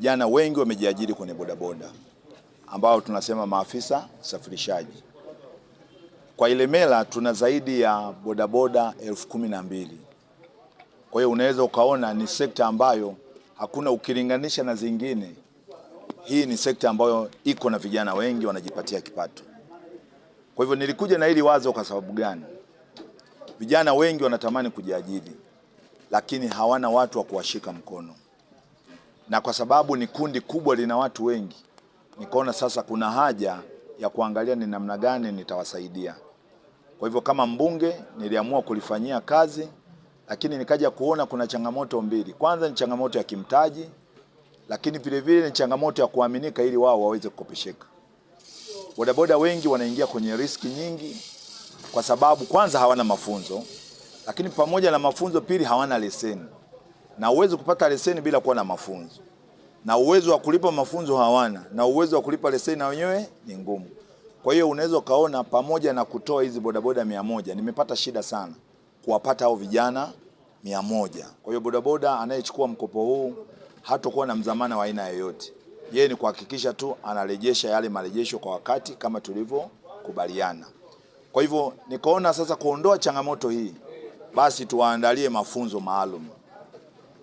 Vijana wengi wamejiajiri kwenye bodaboda ambao tunasema maafisa safirishaji. Kwa Ilemela tuna zaidi ya bodaboda elfu kumi na mbili. Kwa hiyo unaweza ukaona ni sekta ambayo hakuna ukilinganisha na zingine. Hii ni sekta ambayo iko na vijana wengi wanajipatia kipato. Kwa hivyo nilikuja na hili wazo kwa sababu gani? Vijana wengi wanatamani kujiajiri, lakini hawana watu wa kuwashika mkono na kwa sababu ni kundi kubwa lina watu wengi, nikaona sasa kuna haja ya kuangalia ni namna gani nitawasaidia. Kwa hivyo kama mbunge niliamua kulifanyia kazi, lakini nikaja kuona kuna changamoto mbili. Kwanza ni changamoto ya kimtaji, lakini vile vile ni changamoto ya kuaminika, ili wao waweze kukopesheka. Bodaboda wengi wanaingia kwenye riski nyingi, kwa sababu kwanza hawana mafunzo, lakini pamoja na mafunzo, pili hawana leseni na uwezo kupata leseni bila kuwa na mafunzo, na uwezo wa kulipa mafunzo hawana, na uwezo wa kulipa leseni na wenyewe ni ngumu. Kwa hiyo unaweza ukaona pamoja na kutoa hizi bodaboda mia moja nimepata shida sana kuwapata hao vijana mia moja. Kwa hiyo bodaboda anayechukua mkopo huu hatakuwa na mzamana wa aina yoyote, yeye ni kuhakikisha tu anarejesha yale marejesho kwa wakati kama tulivyokubaliana. Kwa hivyo nikaona sasa kuondoa changamoto hii, basi tuwaandalie mafunzo maalum.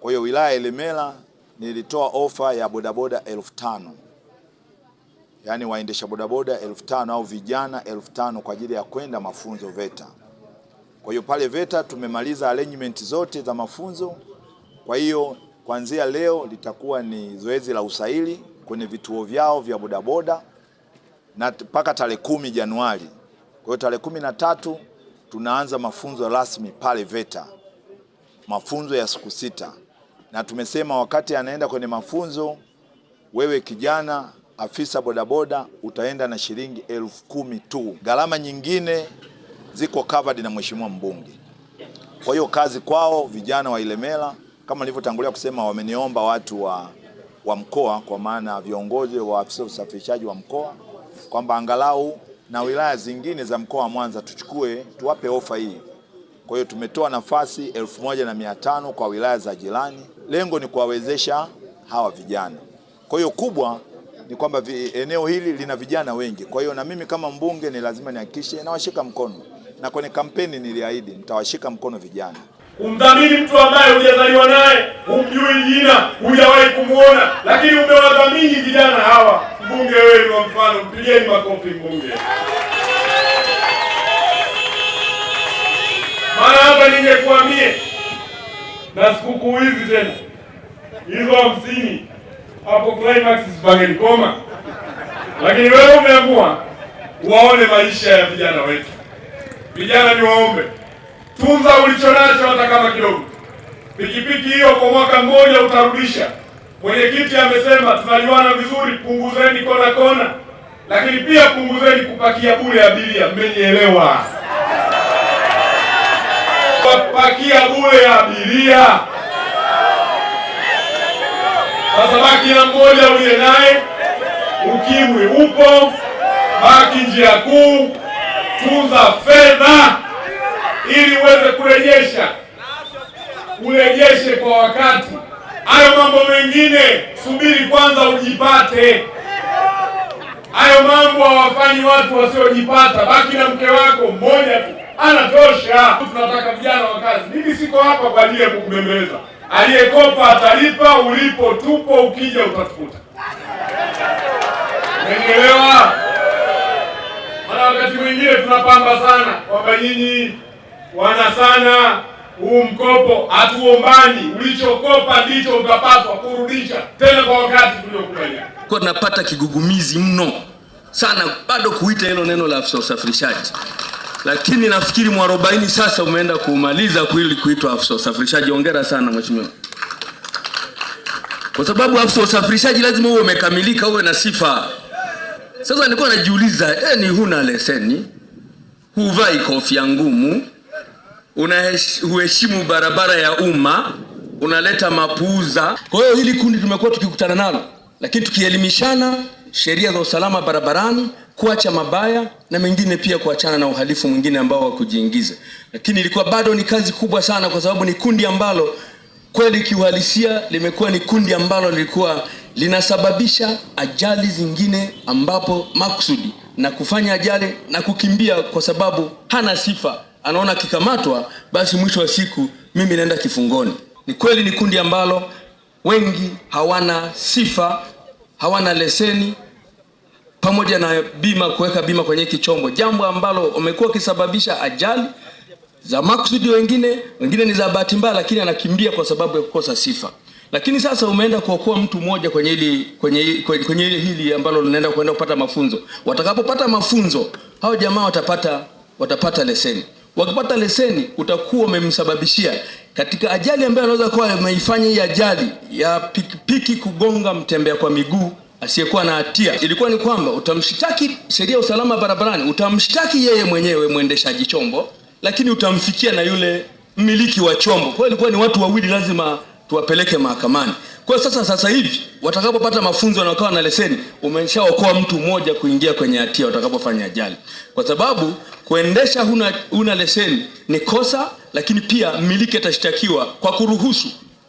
Kwa hiyo wilaya ya Ilemela nilitoa ofa ya bodaboda elfu tano yaani waendesha bodaboda elfu tano au vijana elfu tano kwa ajili ya kwenda mafunzo VETA. Kwa hiyo pale VETA tumemaliza arrangement zote za mafunzo. Kwa hiyo kuanzia leo litakuwa ni zoezi la usaili kwenye vituo vyao vya bodaboda na mpaka tarehe kumi Januari. Kwa hiyo tarehe kumi na tatu tunaanza mafunzo rasmi pale VETA, mafunzo ya siku sita na tumesema wakati anaenda kwenye mafunzo, wewe kijana afisa bodaboda utaenda na shilingi elfu kumi tu. Gharama nyingine ziko covered na mheshimiwa mbunge. Kwa hiyo kazi kwao vijana wa Ilemela, kama nilivyotangulia kusema, wameniomba watu wa, wa mkoa kwa maana viongozi wa afisa usafirishaji wa mkoa kwamba angalau na wilaya zingine za mkoa wa Mwanza tuchukue tuwape ofa hii. Kwa hiyo tumetoa nafasi elfu moja na mia tano kwa wilaya za jirani. Lengo ni kuwawezesha hawa vijana. Kwa hiyo kubwa ni kwamba eneo hili lina vijana wengi, kwa hiyo na mimi kama mbunge ni lazima nihakikishe nawashika mkono, na kwenye kampeni niliahidi nitawashika mkono vijana. Kumdhamini mtu ambaye hujazaliwa naye, humjui jina, hujawahi kumwona, lakini umewadhamini vijana hawa. Mbunge wewe ni mfano, mpigieni makofi mbunge. ningekuambie na sikukuu hizi tena hizo hamsini hapo climax zipangeni koma, lakini wewe umeamua waone maisha ya vijana wetu. Vijana ni waombe, tunza ulicho nacho, hata kama kidogo. Pikipiki hiyo kwa mwaka mmoja utarudisha. Mwenyekiti amesema tunaliwana vizuri, punguzeni kona kona, lakini pia punguzeni kupakia bure abiria. Mmenielewa? pakia bure ya abiria. Sasa baki na mmoja uliye naye, ukimwi upo, baki njia kuu, tunza fedha ili uweze kurejesha, urejeshe kwa wakati. Hayo mambo mengine subiri kwanza ujipate. Hayo mambo hawafanyi watu wasiojipata. Baki na mke wako mmoja tu anatosha. Tunataka vijana wa kazi. Mimi siko hapa kwa ajili ya kukubembeleza. Aliyekopa atalipa, ulipo tupo, ukija utatukuta. Umenielewa? Maana wakati mwingine tunapamba sana kwamba nyinyi wana sana huu mkopo, hatuombani. Ulichokopa ndicho utapaswa kurudisha tena kwa wakati tuliokubaliana. Kwa tunapata kigugumizi mno sana bado kuita hilo neno la usafirishaji lakini nafikiri mwarobaini sasa umeenda kuumaliza kuili kuitwa afisa usafirishaji. Hongera sana mheshimiwa, kwa sababu afisa usafirishaji lazima uwe umekamilika, uwe na sifa. Sasa nilikuwa najiuliza, eh, ni huna leseni, huvai kofia ngumu, unaheshimu barabara ya umma, unaleta mapuuza. Kwa hiyo hili kundi tumekuwa tukikutana nalo, lakini tukielimishana sheria za usalama barabarani, kuacha mabaya na mengine pia, kuachana na uhalifu mwingine ambao wa kujiingiza. Lakini ilikuwa bado ni kazi kubwa sana, kwa sababu ni kundi ambalo kweli kiuhalisia limekuwa ni kundi ambalo lilikuwa linasababisha ajali zingine, ambapo makusudi na kufanya ajali na kukimbia, kwa sababu hana sifa, anaona akikamatwa, basi mwisho wa siku mimi naenda kifungoni. Ni kweli ni kundi ambalo wengi hawana sifa hawana leseni pamoja na bima, kuweka bima kwenye kichombo, jambo ambalo umekuwa wakisababisha ajali za makusudi, wengine wengine ni za bahati mbaya, lakini anakimbia kwa sababu ya kukosa sifa. Lakini sasa umeenda kuokoa mtu mmoja kwenye hili kwenye, kwenye, kwenye hili ambalo linaenda kwenda kupata mafunzo. Watakapopata mafunzo, hao jamaa watapata watapata leseni. Wakipata leseni, utakuwa umemsababishia katika ajali ambayo anaweza kuwa ameifanya hii ajali ya pikipiki kugonga mtembea kwa miguu asiyekuwa na hatia, ilikuwa ni kwamba utamshtaki sheria ya usalama barabarani, utamshtaki yeye mwenyewe mwendeshaji chombo, lakini utamfikia na yule mmiliki wa chombo. Kwa hiyo ilikuwa ni watu wawili lazima tuwapeleke mahakamani. Kwa hiyo sasa, sasa hivi watakapopata mafunzo na wakawa na leseni, umeshaokoa mtu mmoja kuingia kwenye hatia watakapofanya ajali, kwa sababu kuendesha huna, huna leseni ni kosa, lakini pia mmiliki atashtakiwa kwa kuruhusu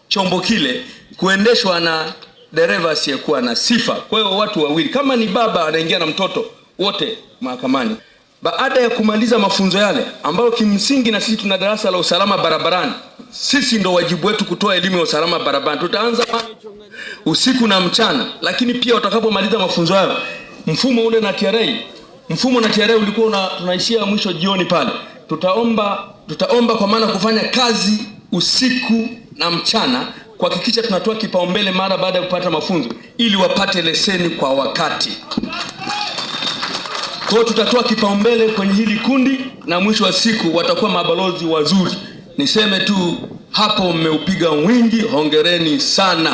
chombo kile kuendeshwa na dereva asiyekuwa na sifa. Kwa hiyo watu wawili, kama ni baba anaingia na mtoto, wote mahakamani. Baada ya kumaliza mafunzo yale ambayo kimsingi na sisi tuna darasa la usalama barabarani sisi ndo wajibu wetu kutoa elimu ya usalama barabarani. Tutaanza usiku na mchana, lakini pia watakapomaliza mafunzo hayo, mfumo ule na TRA, mfumo na TRA ulikuwa una, tunaishia mwisho jioni pale. Tutaomba, tutaomba kwa maana kufanya kazi usiku na mchana, kuhakikisha tunatoa kipaumbele mara baada ya kupata mafunzo, ili wapate leseni kwa wakati. Kwa hiyo tutatoa kipaumbele kwenye hili kundi, na mwisho wa siku watakuwa mabalozi wazuri. Niseme tu hapo, mmeupiga mwingi, hongereni sana.